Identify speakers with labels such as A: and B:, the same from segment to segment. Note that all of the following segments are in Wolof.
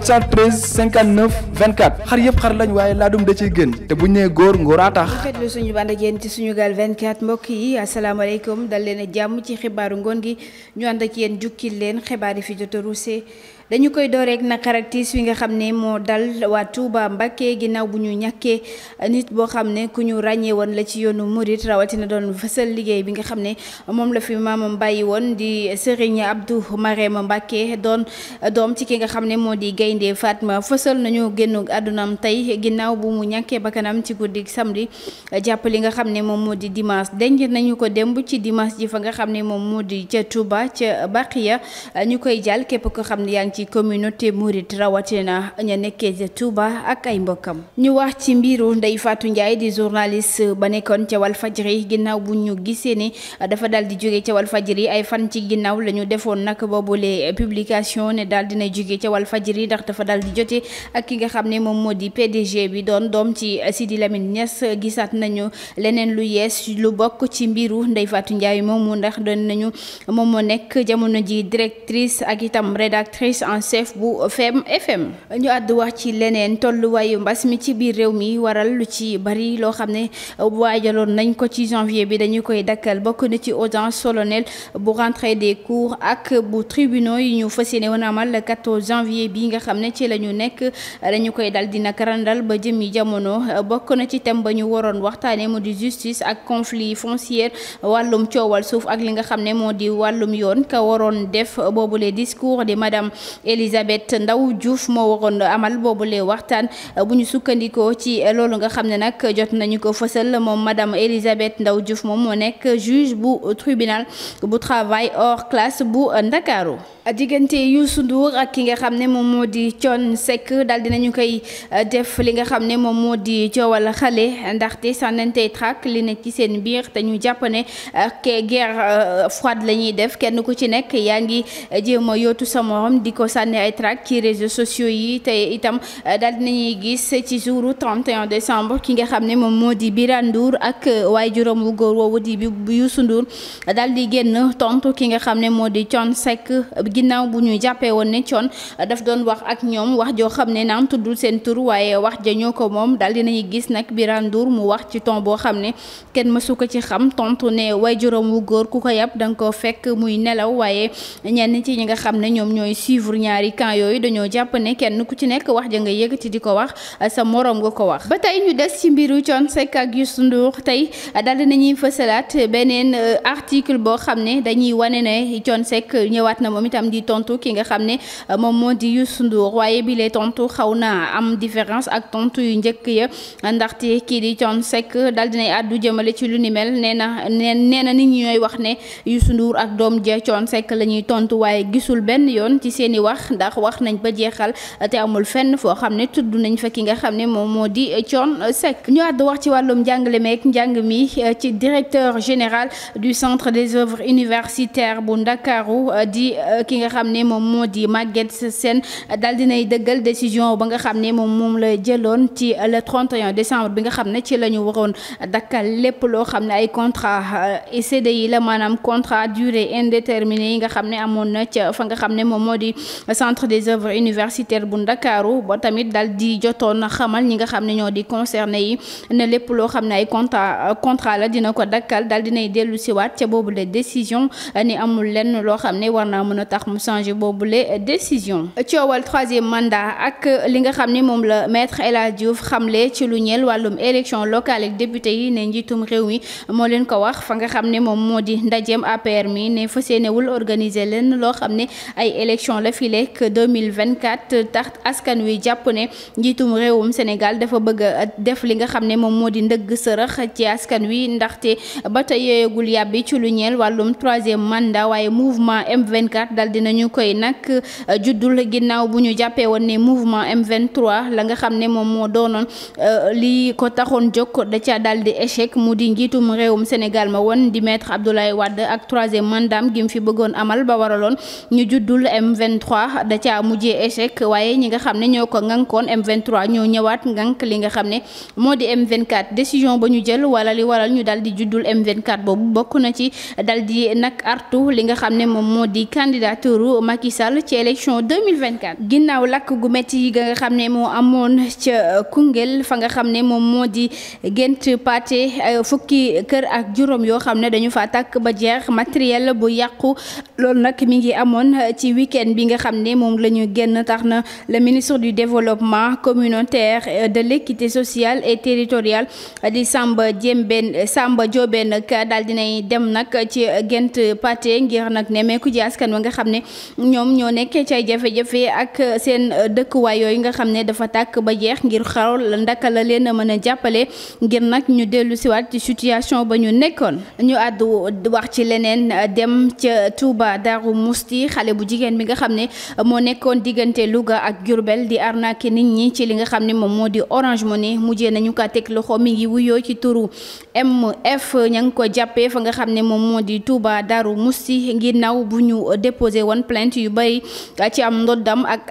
A: 413 59 24 xar yëpp xar lañ waaye laadum da ciy gën te bu ñu nee góor a tax.
B: rafetlu suñu bànd ak ci suñu gaal 24 mbokk yi asalaamaaleykum dal leen a jàmm ci xibaaru ngoon gi ñu ànd ak yéen jukkil leen xibaar yi fi jot a dañu koy dooreek na ak tiis wi nga xam ne moo dal waa Touba Mbacké ginnaaw bu ñu ñàkkee nit boo xam ne ku ñu ràññee woon la ci yoonu murit rawatina doon fësal liggéey bi nga xam ne moom la fi maamam bàyyi woon di Serigne Abdou Marème Mbacké doon doom ci ki nga xam ne moo di Gaynde Fatma fësal nañu génn àddunaam tey ginnaaw bu mu ñàkkee bakkanam ci guddi samedi jàpp nga xam ne moom moo di dimanche denc nañu ko démb ci dimanche ji fa nga xam ne moom moo di ca Touba ca ya ñu koy jàll képp ko xam ne yaa ngi ci communauté Mouride rawatina ña nekkee ca Touba ak ay mbokkam ñu wax ci mbiru Ndeye Fatou Ndiaye di journaliste ba nekkoon ca Walfadjri ginnaaw bu ñu gisee ni dafa daal di jóge ca Walfadjri ay fan ci ginnaaw la ñu defoon nag boobule publication ne daal dina ndax dafa dal di jote ak ki nga xam ne moom moo di PDG bi doon doom ci Sidi Lamine Niass gisaat nañu leneen lu yees lu bokk ci mbiru Ndeye Fatou moom moo ndax doon nañu moom moo nekk jamono ji directrice ak itam rédactrice en chef bu FM FM ñu àddu wax ci leneen tolluwaayu mbas mi ci biir réew mi waral lu ci bari loo xam ne waajaloon nañ ko ci janvier bi dañu koy dakkal bokk na ci audience solennelle bu rentrée des cours ak bu tribunaux yi ñu fas yéene xam ne ci la ñu nekk dañu koy dal dina karandal ba jëmi jamono bokk na ci thème ba ñu waroon waxtaanee mu di justice ak conflit foncier wàllum coowal suuf ak li nga xam ne moo di wàllum yoon ka waroon def boobu boobule discours di madame Elisabeth Ndaw Diouf moo waroon amal boobu boobule waxtaan bu ñu sukkandikoo ci loolu nga xam ne nag jot nañu ko fësal moom madame Elisabeth Ndaw Diouf moom moo nekk juge bu tribunal bu travail hors classe bu Ndakaaru diggante Youssou di Thione Seck daal dinañu koy euh, def li nga xam ne moom moo di coowal xale ndaxte sànnante track li nekk ci seen biir te ñu jàpp ne ke euh, guerre euh, froide la ñuy def kenn ku ci nekk yaa ngi jéem yootu sa morom di ko sànni ay track ci réseaux sociaux yi te itam daal dinañuy gis ci jouru 31 décembre ki nga xam ne moom moo di Birane Ndour ak waaye juróom wu góor woowu di bu Youssou Ndour daal di génn tontu ki nga xam ne moo di Thione Seck ginnaaw bu ñu jàppee wax ak ñoom wax joo xam ne naam tuddul seen tur waaye wax ja ñoo ko moom daal dinañu gis nag Birane Ndour mu wax ci ton boo xam ne kenn mësu ko ci xam tontu ne way juróom wu góor ku ko yàpp danga nga ko fekk muy nelaw waaye ñenn ci ñi nga xam ne ñoom ñooy suivre ñaari kan yooyu dañoo jàpp ne kenn ku ci nekk wax ja nga yëg ci di ko wax sa moroom nga ko wax. ba tey ñu des ci mbiru Thione Seck ak Youssou Ndour tey daal dinañuy fësalaat beneen euh, article boo xam ne dañuy wane ne Thione Seck ñëwaat na moom itam di ki nga xam euh, waaye bi tontu xaw naa am différence ak tontu yu njëkk ya ndaxte kii di Thione Seck dal dinay àddu jëmale ci lu ni mel nee na nee na nit ñi ñooy wax ne yu Ndour ak doom ja Thione Seck la ñuy tontu waaye gisul benn yoon ci seen i wax ndax wax nañ ba jeexal te amul fenn foo xam ne tudd nañ fa ki nga xam ne moom moo di Thione Seck ñu àddu wax ci wàllum njàngale meek njàng mi eh, ci directeur général du centre des œuvres universitaires bu Ndakaaru eh, di eh, ki nga xam ne moom moo di Maguette Sène daal dinay dëggal décision ba nga xam ne moom moom la jëloon ci le 31 décembre bi nga xam ne ci la ñu waroon dakkal lépp loo xam ne ay contrat euh, CDI la maanaam contrat durée indéterminée yi nga xam ne amoon na ca fa nga xam ne moom moo di centre des œuvres universitaires bu Ndakaaru ba tamit daal di jotoon xamal ñi nga xam ne ñoo di concerné yi ne lépp loo xam ne ay contrat contrat la dina ko dakkal daal dinay dellu siwaat ca boobu la décision euh, ni amul lenn loo xam ne war naa mën a tax mu changer boobu la décision coowal troisième mandat ak li nga xam ne moom la maître El Hadj Diouf xamle ci lu ñeel wàllum élection locale ak député yi ne njiitum réew mi moo leen ko wax fa nga xam ne moom moo di ndajeem APR mi ne fas yéenewul organiser leen loo xam ne ay élection la fi lekk 2024 tax askan wi jàpp ne njiitum réewum Sénégal dafa bëgg a def li nga xam ne moom moo di ndëgg sërëx ci askan wi ndaxte ba tey yàbbi ci lu ñeel wàllum troisième mandat waaye mouvement M24 dal dinañu koy nag juddul ginnaaw bu bu ñu jàppee woon ne mouvement m la nga xam ne moom moo doonoon euh, li ko taxoon jóg da ca daal di échec mu di njiitum réewum Sénégal ma woon di maître Abdoulaye wadd ak troisième mandaam gi fi bëggoon amal ba waraloon ñu juddul M23 da ca mujjee échec waaye ñi nga xam ne ñoo ko ngankoon m ñoo ñëwaat ngank li nga xam ne moo di M24 décision ba ñu jël wala li waral ñu daal di juddul M24 boobu bokk na ci daldi di nag artu li nga xam ne moom moo di candidature Macky Sall ci élection 2024 ginnaaw lakk gu métti yi nga xam ne moo amoon ca Koungheul fa nga xam ne moom moo di gént pàate fukki kër ak juróom yoo xam ne dañu fa tàkk ba jeex matériel bu yàqu loolu nag mi ngi amoon ci week bi nga xam ne moom la ñu génn tax na le ministre du développement communautaire euh, de l'équité sociale et territoriale di Samba Diembène Samba Diobène ka di dinay dem nag ci gént pàate ngir nag ne meeku ji askan wa nga xam ne ñoom ñoo nekkee ci jafe-jafe ak ak seen euh, waay yooyu nga xam ne dafa tàkk ba jeex ngir la ndaka la leen mën a jàppale ngir nag ñu dellu siwaat ci situation ba ñu nekkoon ñu àddu wax ci leneen dem ca Touba Darou Mousti xale bu jigéen bi nga xam ne moo nekkoon diggante Louga ak Diourbel di arnaqué nit ñi ci li nga xam ne moom moo di Orange Money mujjee nañu ko teg loxo mi ngi wuyoo ci turu MF ña ngi ko jàppee fa nga xam ne moom moo di Touba Darou Mousti ngir naw bu ñu déposé woon yu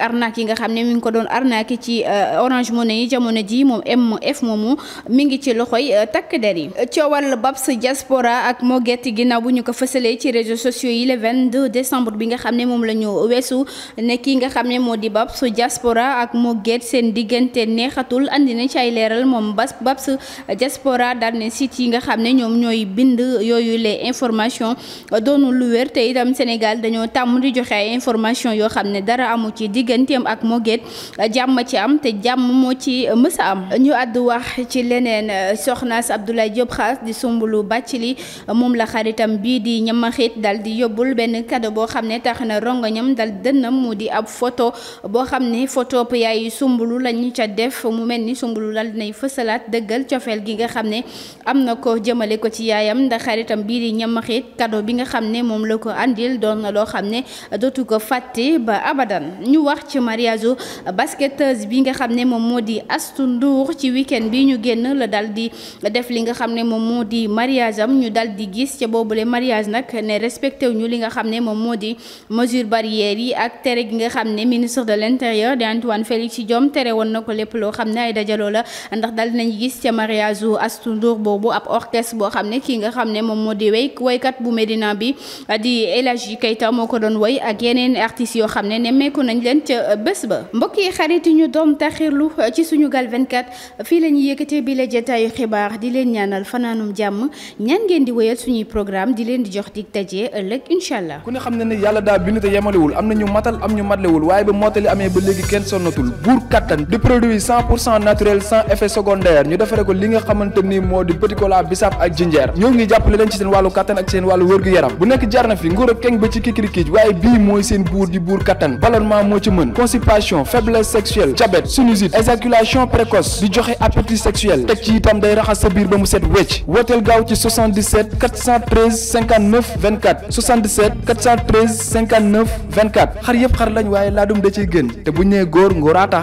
B: ak arnaque yi nga xam ne mu ngi ko doon arnaque ci euh, orange money yi jamono ji moom MF moomu mi ngi ci loxoy euh, takk der yi coowal Babs jaspora ak Moget ginnaaw bu ñu ko fësalee ci réseaux sociaux yi le 22 décembre bi nga xam ne moom la ñu weesu ne kii nga xam ne moo di Babs Diaspora ak Moget seen diggante neexatul andi na ci ay leeral moom Babs Babs Diaspora daal ne site yi nga xam ne ñoom ñooy bind yooyu les informations euh, doonu lu wér te itam Sénégal dañoo tàmm di joxe ay information yoo xam ne dara amu ci digganteem ak moget jàmm ci am te jàmm moo ci mës am ñu àddu ci leneen soxnaas Abdoulaye Diop Xaas di sumbulu bàcc li moom la xaritam bii di ñamaxiit dal di yóbbul benn cadeau boo xam ne tax na rongoñam dal dënnam di ab photo boo xam ne photo yaay sumbulu lañu ca def mu mel ni sumbulu dal fësalaat dëggal cofeel gi nga xam ne am na ko jëmale ko ci yaayam ndax xaritam bii di ñamaxit cadeau bi nga xam ne moom la ko àndil doon na loo xam ne dootu ko fàtte ba abadan ñu wax ci mariage basketteuse bi nga xam ne moom moo di Astou Ndour ci week-end bi ñu génn la dal di def li nga xam ne moom moo di mariage am ñu dal di gis ca boobu boobule mariage nag ne respecté wu ñu li nga xam ne moom moo di mesure barrières yi ak tere gi nga xam ne ministre de l'intérieur di Antoine Félix Diome tere woon na ko lépp loo xam ne ay dajaloo la ndax dal nañ gis ca mariage astu Astou Ndour boobu ab orchestre boo xam ne kii nga xam ne moom moo di way waykat bu Médina bi di El leen ca euh, bés ba mbokk yi xarit yi ñu doom taxirlu euh, ci Sunugal 24 fii la ñuy yëkkatee bi la jataayu xibaar di leen ñaanal fanaanum jàmm ñaan ngeen di wéyal suñuy programme di leen di jox dig daje ëllëg incha ku ne xam
A: na ne yàlla daa bind te yemalewul am na ñu matal am ñu matlewul waaye ba mottali amee ba léegi kenn sonnatul buur kattan di produit naturel sans effet secondaire ñu defare ko li nga xamante ni moo di petit cola bisaab ak jinjeer ñoo ngi jàppale ci mën constipation faiblesse sexuelle diabète sinusite éjaculation précoce di joxe appétit sexuel teg ci itam day raxas sa biir ba mu set wecc wooteel gaaw ci 77 413 59 24 77 413 59 24 xar yëpp xar lañ waaye laadum da ciy gën te bu nee góor ngóoraa